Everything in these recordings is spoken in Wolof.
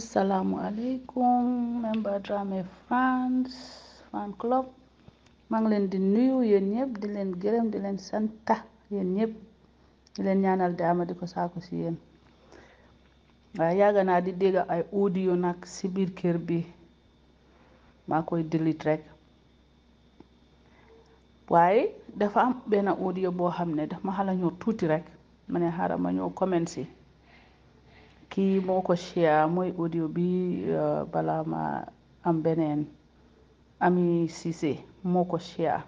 assalamu member member drama France fan club Mang len di nuyu yen ñep di len gërem di len santa yen ñep di len ñaanal daama di ko saako di dégg ay audio nak ci bir kër bi Ma koy delete rek waaye dafa am ben audio bo xamne ne ma xala ñoo tuti rek Mané xara ma ñoo commencer. kii moo ko share mooy audio bi euh, balaa ma am beneen Ami Ceesay moo ko share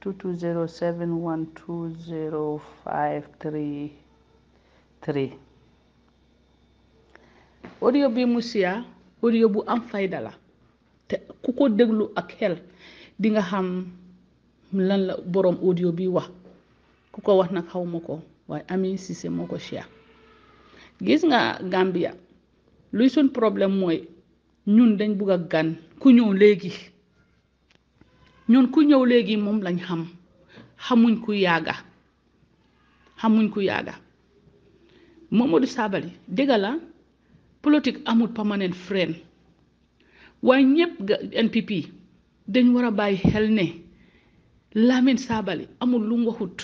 2207120533 audio bi mu share audio bu am fayda la te ku ko déglu ak xel di nga xam lan la boroom audio bi wax ku ko wax nag xaw ko waaye Ami Ceesay gis nga Gambia luy suñ problème mooy ñun dañ bugg a gan ku ñëw léegi ñun ku ñëw léegi moom lañ xam xamuñ ku yàgga xamuñ ku yàgga Momodou Sabally dégg la politique amul permanent friend waaye ñëpp NPP dañ war a bàyyi xel ne Lamin Sabally amul lu mu waxut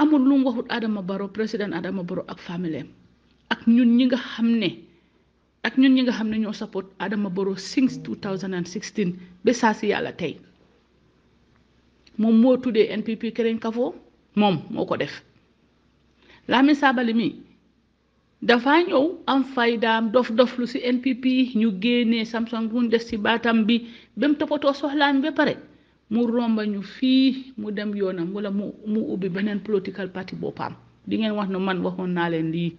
amul lu mu waxut Adama Barrow président Adama Barrow ak familleem ak ñun ñi nga xam ne ak ñun ñi nga xam ne ñoo support Adama Barrow since 2016 ba saa si yàlla tey moom moo tuddee NPP Keren Kafo moom moo ko def Lamin Sabally mi dafa ñëw am faydaam dof doflu lu ci NPP ñu génnee Samsung bu des ci baatam bi ba mu toppatoo soxlaam ba pare mu rombañu fii mu dem yoonam wala mu mu ubbi beneen political party boppam di ngeen wax ne man waxoon naa leen lii.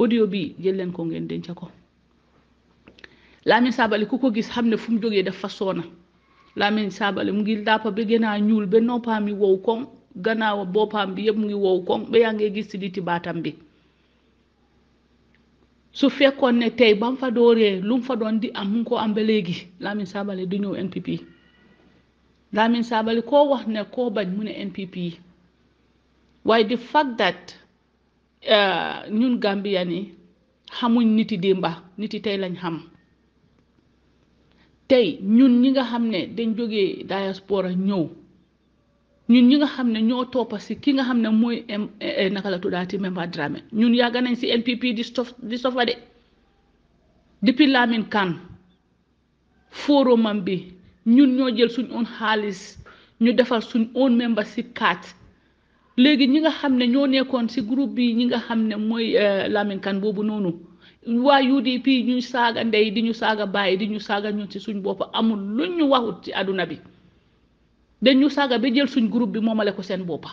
audio bi jël ko ngeen denc ko Lamine Sabali ku ko gis xam ne fu mu jógee dafa soona Lamine Sabali mu ngi làppa ba gën ñuul ba noppaam yi wow koŋ gannaaw boppam bi yëpp mu ngi wow koŋ ba ngee gis ci diti baatam bi su fekkoon ne tey ba mu fa dooree lu fa doon di am mu ngi ko am ba léegi Lamine Sabali du ñëw NPP Lamine Sabali koo wax ne koo bañ mu ne NPP waaye the fact that Euh, ñun Gambien yi xamuñ niti démba niti tey lañ xam tey ñun ñi nga xam ne dañ jógee diaspora ñëw ñun ñi nga xam ne ñoo toppa si ki nga xam ne mooy eh, naka la tuddaati Memba Dramé ñun yàgg nañ si NPP di sof di sofa de depuis Lamin Kan foromam bi ñun ñoo jël suñ own xaalis ñu defal suñ own si card léegi ñi nga xam ne ñoo nekkoon si groupe bi ñi nga xam ne mooy euh, Lamin Kan boobu noonu waa UDP ñuy saaga ndey di ñu saaga bàyyi di ñu saaga ñun si suñ bopp amul luñ ñu waxut ci àdduna bi dañ ñu saaga ba jël suñ groupe bi moomale ko seen boppa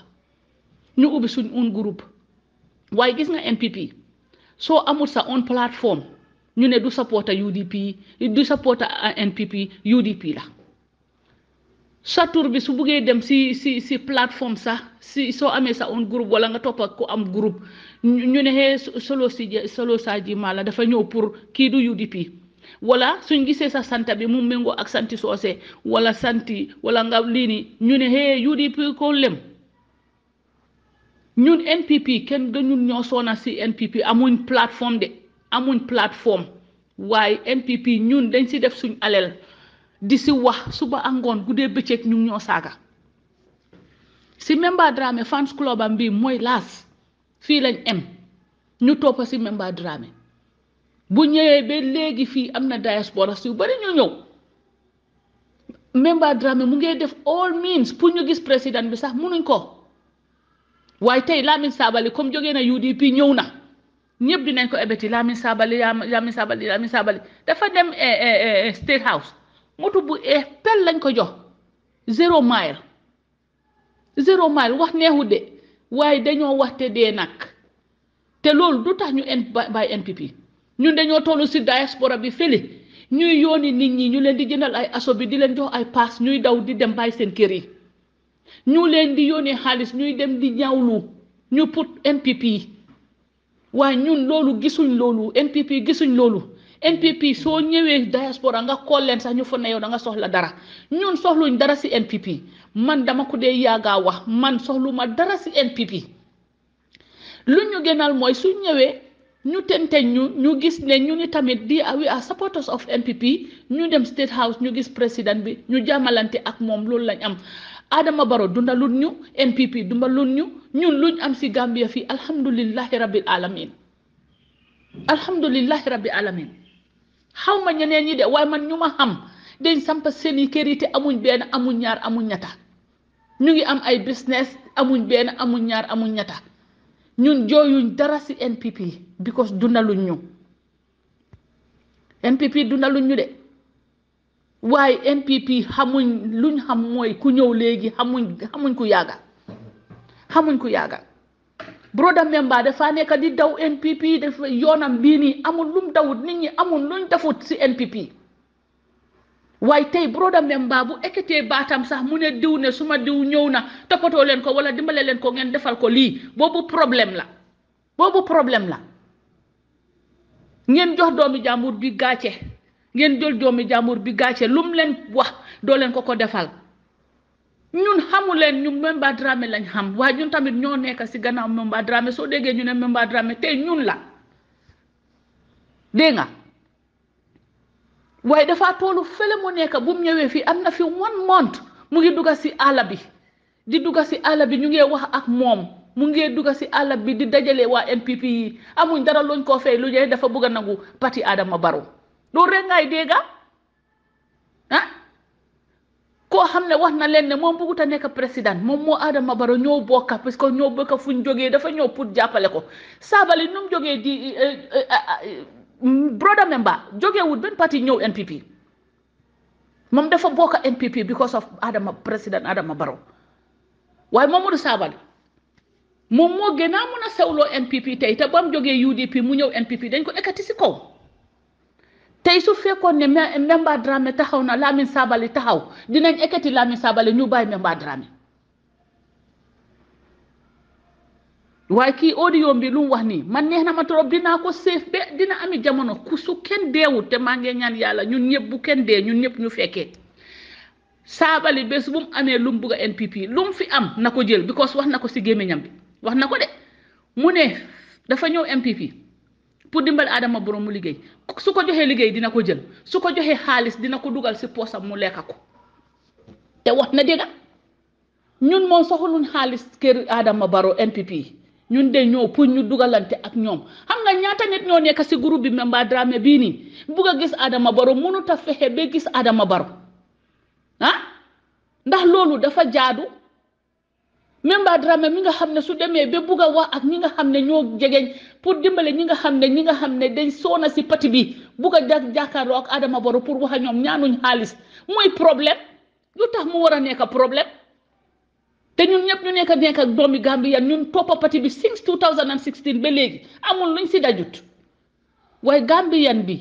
ñu ubbi suñ un groupe waaye gis nga NPP soo amul sa on plateforme ñu ne du supporter UDP du supporter NPP euh, UDP la sa tur bi su buggee dem si si si plateforme sax si soo amee sa own groupe wala nga topp ak ku am groupe ñu ne xee solo si solo saa ji mala dafa ñëw pour kii du UDP wala suñ gisee sa santa bi mu méngoo ak santi soose wala santi wala nga lii ni ñu ne xee UDP ko lem ñun NPP kenn gëñul ñoo soona si NPP amuñ plateforme de amuñ plateforme waaye NPP ñun dañ si def suñ alel di si wax suba ak ngoon guddee bëccëg ñu ñoo saaga si Memba Dramé fans club am bii mooy laas fii lañ em ñu toppa si Memba Dramé bu ñëwee ba léegi fii am na diaspora yu bari ñu ñëw Memba Dramé mu ngi def all means pour ñu gis président bi sax munuñ ko waaye tey Lamin Sabali comme jógee na UDP ñëw na ñëpp dinañ ko ebeti Lamin Sabali Lamin Sabali dafa dem eh, eh, eh, State House moto bu eex pel lañ ko jox zéro mile zéro mile wax neexu de waaye dañoo wax te dee nag te loolu du tax ñu en bàyyi NPP ñun dañoo tollu si diaspora bi fële ñuy yooni nit ñi ñu leen di jëndal ay aso bi di leen jox ay paas ñuy daw di dem bay seen kër yi ñu leen di yónnee xaalis ñuy dem di ñaawlu ñu put NPP waaye ñun loolu gisuñ loolu NPP gisuñ loolu NPP soo ñëwee diaspora nga kool leen sax ñu fa ne yow da soxla dara ñun soxluñ dara si NPP man dama ko dee yaagaa wax man soxluma dara si NPP lu ñu gënal mooy su ñëwee ñu tente ñu ñu gis ne ñu ni tamit di we are supporters of NPP ñu dem State House ñu gis président bi ñu jàmmalante ak moom loolu lañ am Adama Barrow dundalut ñu NPP dundalut ñu ñun luñ am si Gambia fii alhamdulillahi rabbil alamin alhamdulillahi rabbil alamin xaw ma ñeneen ñi de waaye man ñu ma xam dañ samp seen i kër yi te amuñ benn amuñ ñaar amuñ ñetta ñu ngi am ay business amuñ benn amuñ ñaar amuñ ñetta ñun jooyuñ dara si NPP because dundaluñ ñu NPP dundaluñ ñu de waaye NPP xamuñ luñ xam mooy ku ñëw léegi xamuñ xamuñ ku yàgga xamuñ ku yàgga broda memba dafa nekk di daw NPP def yoonam bii nii amul lum dawut nit ñi amul luñ defut si NPP waaye tey broda memba bu ekkatee baatam sax mu ne diw ne suma diw ñëw na toppatoo leen ko wala dimbale leen ko ngeen defal ko lii boobu problème la boobu problème la ngeen jox doomi jàmbur bi gàcce ngeen jël doomi jàmbur bi gàcce lum leen wax doo leen ko ko defal ñun xamulen ñu Memba drame lañ xam waaye ñun tamit ñoo nekk si gannaaw Memba drame soo déggee ñu ne Memba drame te ñun la dégg nga waaye dafa toolu fele mu nekk bu mu ñëwee fii fi one month mu ngi si àll bi di si àll bi ñu ngi wax ak moom mu ngi si àll bi di dajale waa MPP yi amuñ dara luñ ko fay lu ñëwee dafa bëgg a nangu pati Adama Barrow loolu rek ngay dégg ah koo xam ne wax na leen ne moom bëggut a nekk président moom moo Adama Barrow ñoo bokka parce que ñoo bokka fu ñu jógee dafa ñëw pour jàppale ko sabali nu mu jógee di eh, eh, eh, ah, ah, mm, broda member jógeewut benn parti ñëw NPP moom dafa bokka NPP because of Adama président Adama Barrow waaye Momodou Sabally moom moo gën a mun a sewloo NPP tey te ba mu jógee UDP mu ñëw NPP dañ ko ekkati si kaw. tey su fekkoon ne Memba Dramé taxaw na Lamine Sabali taxaw dinañ ekkati Lamine Sabali ñu bàyyi Memba Dramé waaye kii audio bi lu mu wax nii man neex na ma trop dinaa ko séef ba dina ami jamono ku su kenn deewut te maa ngi ñaan yàlla ñun ñëpp bu kenn dee ñun ñëpp ñu fekkee Sabali bés bu mu amee lu mu bugg a lu mu fi am na ko jël because wax na ko si gémmiñam bi wax na ko de mu ne dafa ñëw NPP. pour dimbal Adama borom mu liggéey su ko joxee liggéey dina ko jël su ko joxee xaalis dina ko dugal si posam mu lekk ko te wax na dëgg ñun moom soxluñ xaalis kër Adama Barrow NPP ñun de ñoo pour ñu dugalante ak ñoom xam nga ñaata nit ñoo nekk si groupe bi Memba Dramé bii nii bugg a gis Adama Barrow mënut a fexe ba gis Adama baro ah ndax loolu dafa jaadu. Memba Dramé mi nga xam ne su demee ba bugg a wax ak ñi nga xam ne ñoo jegeñ pour dimbale ñi nga xam ne ñi nga xam ne dañ soona si pati bi bugg a jàkkaarloo ak Adama Barrow pour wax ak ñoom ñaanuñ xaalis mooy problème lu tax mu war a nekk problème te ñun ñëpp ñu nekk nekk ak doomi yan ñun toppa pati bi since 2016 ba léegi amul luñ si dajut waaye yan bi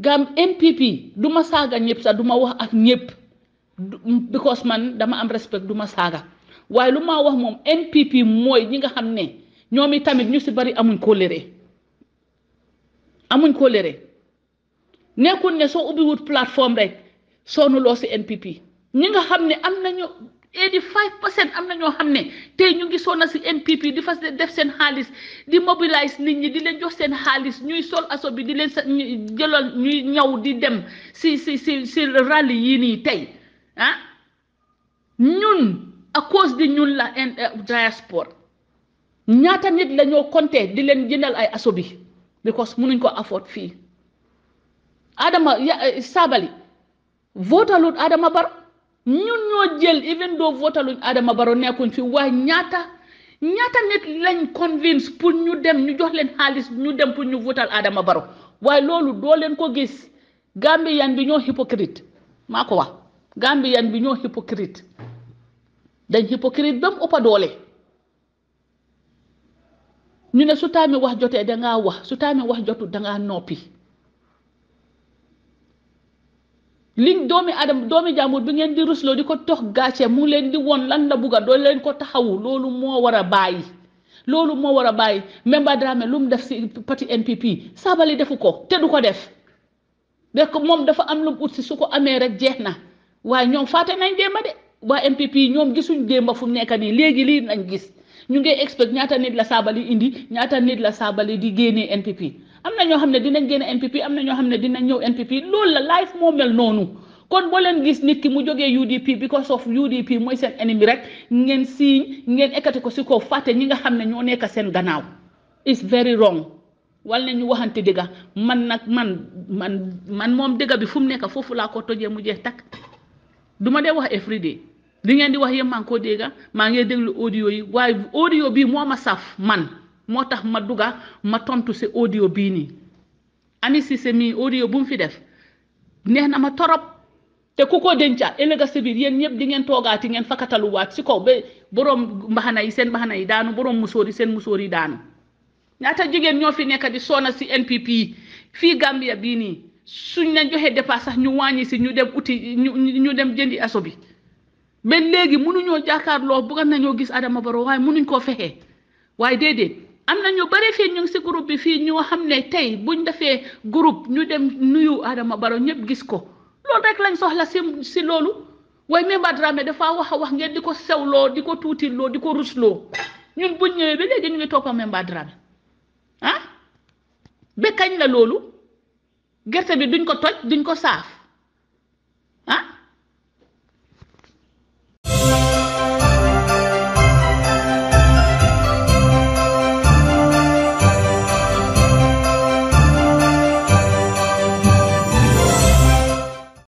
Gam MPP du ma saaga ñëpp sax duma wax ak ñëpp because man dama am respect du ma saaga. waaye lu maa wax moom NPP mooy ñi nga xam ne ñoom i tamit ñu si bari amuñ kóllëre amuñ kóllëre nekkul ne soo ubbiwut plateforme rek soonuloo si NPP ñi nga xam ne am nañu 85 eh, percent am na ñoo xam ne tey ñu ngi na si NPP di fas def seen xaalis di mobilize nit ñi di leen jox seen xaalis ñuy sol aso bi di leen sa jëloon ñuy ñaw di dem si si si si yii nii tey ah ñun. à cause de ñun la euh, diaspora ñaata nit la ñoo di leen jëndal ay aso bi mu mënuñ ko afford fii Adama euh, Sabally votalut Adama Barrow ñun ñoo jël even doo votaluñ Adama Barrow nekkuñ fii waaye ñaata ñaata nit lañ convince pour ñu dem ñu jox leen xaalis ñu dem pour ñu votal Adama Barrow waaye loolu doo leen ko gis Gambien bi ñoo hypocrite maa ko wax Gambien bi ñoo hypocrite dañ hypocrite ba mu ëpp doole ñu ne su taami wax jotee dangaa wax su taami wax jotu dangaa noppi liñ doomi adam doomi jàmbur bi ngeen di rusloo di ko tox gàcce mu ngi leen di won lan la bugga doo leen ko taxawu loolu moo war a bàyyi loolu moo war a bàyyi Memba Dramé lu mu def si parti NPP Sabally defu ko te du ko def de moom dafa am lu mu ut si su ko amee rek jeex na waaye ñoom fàtte nañ démba de waa MPP ñoom gisuñ démb fu mu nekk nii léegi lii nañ gis ñu ngi expect ñaata nit la saabali indi ñaata nit la saabali di génnee NPP am na ñoo xam ne dinañ génne NPP am na ñoo xam ne dinañ ñëw NPP loolu la life moo mel noonu kon boo leen gis nit ki mu jógee UDP because of UDP mooy seen ennemi rek ngeen siiñ ngeen ekkati ko si kaw fàtte ñi nga xam ne ñoo nekk seen gannaaw it's very wrong wal na ñu waxante dëgga man nag man man man moom dëgga bi fu mu nekk foofu laa ko tojee mu jeex takk du ma dee wax every li ngeen di wax yëpp maa ngi koo dégga maa ngi déglu audio yi waaye audio bii moo ma saf man moo tax ma duga ma tontu si audio bii nii Ami Ceesay mii audio bu mu fi def neex na ma torop te ku ko denca ëllëg si biir yéen ñëpp di ngeen toogaati ngeen fakkataluwaat si kaw ba borom mbaxana yi seen mbaxana yi daanu borom musóor yi seen musóor yi daanu ñaata jigéen ñoo fi nekk di soona si NPP fii Gambia bii nii suñ leen joxe dépasse sax ñu wàññi si ñu dem uti ñu ñu dem jëndi aso bi. mais léegi mënuñoo jàkkaarloo bëggoon nañoo gis Adama Barrow waaye mënuñ koo fexe waaye déedéet am na ñu bare fii ñu ngi si groupe bi fii ñoo xam ne tey buñ defee groupe ñu dem nuyu Adama Barrow ñëpp gis ko loolu rek lañ soxla si si loolu waaye Memba Dramé dafa wax a wax ngeen di ko sewloo di ko tuutiloo di ko rusloo ñu buñ ñëwee ba léegi ñu ngi toppa Memba Dramé ah ba kañ la loolu gerte bi duñ ko toj duñ ko saaf.